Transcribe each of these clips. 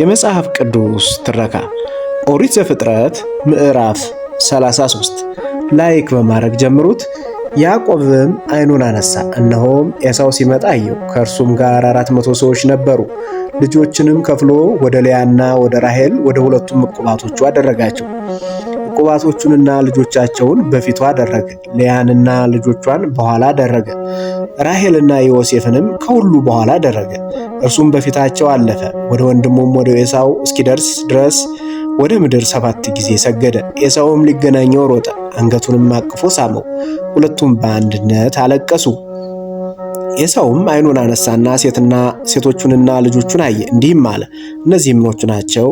የመጽሐፍ ቅዱስ ትረካ ኦሪት ዘፍጥረት ምዕራፍ 33 ላይክ በማድረግ ጀምሩት። ያዕቆብም ዓይኑን አነሳ፣ እነሆም ኤሳው ሲመጣ አየው። ከእርሱም ጋር አራት መቶ ሰዎች ነበሩ። ልጆችንም ከፍሎ ወደ ልያና ወደ ራሔል ወደ ሁለቱም ዕቁባቶቹ አደረጋቸው። ቁባቶቹንና ልጆቻቸውን በፊቱ አደረገ፣ ሊያንና ልጆቿን በኋላ አደረገ፣ ራሄልና ዮሴፍንም ከሁሉ በኋላ አደረገ። እርሱም በፊታቸው አለፈ፣ ወደ ወንድሙም ወደ ኤሳው እስኪደርስ ድረስ ወደ ምድር ሰባት ጊዜ ሰገደ። ኤሳውም ሊገናኘው ሮጠ፣ አንገቱንም አቅፎ ሳመው። ሁለቱም በአንድነት አለቀሱ። ኤሳውም አይኑን አነሳና ሴትና ሴቶቹንና ልጆቹን አየ፣ እንዲህም አለ፦ እነዚህ ምኖቹ ናቸው?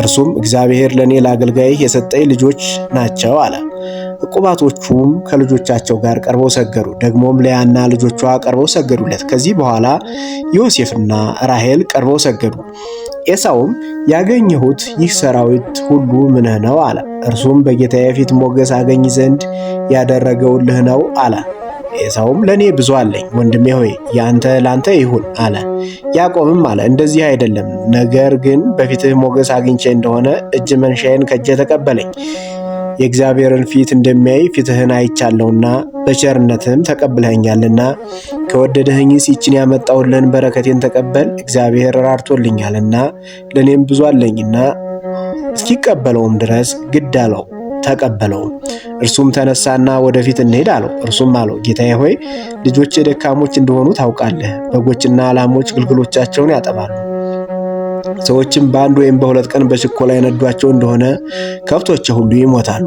እርሱም እግዚአብሔር ለእኔ ለአገልጋይህ የሰጠኝ ልጆች ናቸው አለ። እቁባቶቹም ከልጆቻቸው ጋር ቀርበው ሰገዱ። ደግሞም ሊያና ልጆቿ ቀርበው ሰገዱለት። ከዚህ በኋላ ዮሴፍና ራሄል ቀርበው ሰገዱ። ኤሳውም ያገኘሁት ይህ ሰራዊት ሁሉ ምንህ ነው አለ። እርሱም በጌታዬ ፊት ሞገስ አገኝ ዘንድ ያደረገውልህ ነው አለ። ኤሳውም ለእኔ ብዙ አለኝ ወንድሜ ሆይ ያንተ ላንተ ይሁን አለ። ያዕቆብም አለ እንደዚህ አይደለም፣ ነገር ግን በፊትህ ሞገስ አግኝቼ እንደሆነ እጅ መንሻዬን ከእጄ ተቀበለኝ። የእግዚአብሔርን ፊት እንደሚያይ ፊትህን አይቻለውና በቸርነትም ተቀብለኸኛልና ከወደደህኝ ሲችን ያመጣሁልህን በረከቴን ተቀበል። እግዚአብሔር ራርቶልኛልና ለእኔም ብዙ አለኝና እስኪቀበለውም ድረስ ግድ አለው። ተቀበለውም። እርሱም ተነሳና ወደፊት እንሄድ አለው። እርሱም አለው ጌታዬ ሆይ ልጆቼ ደካሞች እንደሆኑ ታውቃለህ። በጎችና ላሞች ግልግሎቻቸውን ያጠባሉ። ሰዎችም በአንድ ወይም በሁለት ቀን በችኮላ የነዷቸው እንደሆነ ከብቶች ሁሉ ይሞታሉ።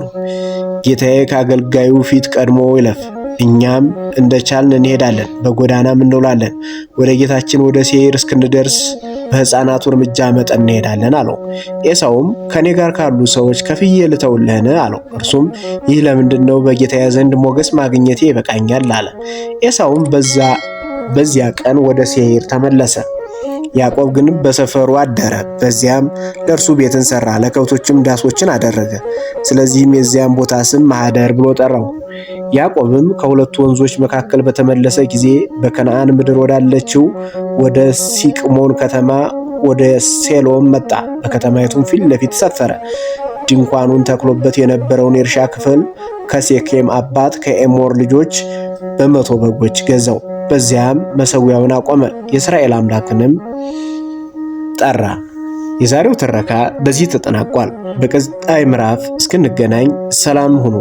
ጌታዬ ከአገልጋዩ ፊት ቀድሞ ይለፍ፣ እኛም እንደቻልን እንሄዳለን፣ በጎዳናም እንውላለን። ወደ ጌታችን ወደ ሴይር እስክንደርስ በሕፃናቱ እርምጃ መጠን እንሄዳለን አለው። ኤሳውም ከእኔ ጋር ካሉ ሰዎች ከፍዬ ልተውልህን አለው። እርሱም ይህ ለምንድን ነው? በጌታዬ ዘንድ ሞገስ ማግኘቴ ይበቃኛል አለ። ኤሳውም በዚያ ቀን ወደ ሴይር ተመለሰ። ያዕቆብ ግን በሰፈሩ አደረ፣ በዚያም ለእርሱ ቤትን ሠራ፣ ለከብቶችም ዳሶችን አደረገ። ስለዚህም የዚያም ቦታ ስም ማህደር ብሎ ጠራው። ያዕቆብም ከሁለቱ ወንዞች መካከል በተመለሰ ጊዜ በከነዓን ምድር ወዳለችው ወደ ሲቅሞን ከተማ ወደ ሴሎም መጣ። በከተማይቱም ፊት ለፊት ሰፈረ። ድንኳኑን ተክሎበት የነበረውን የእርሻ ክፍል ከሴኬም አባት ከኤሞር ልጆች በመቶ በጎች ገዛው። በዚያም መሰዊያውን አቆመ፣ የእስራኤል አምላክንም ጠራ። የዛሬው ትረካ በዚህ ተጠናቋል። በቀጣይ ምዕራፍ እስክንገናኝ ሰላም ሁኑ።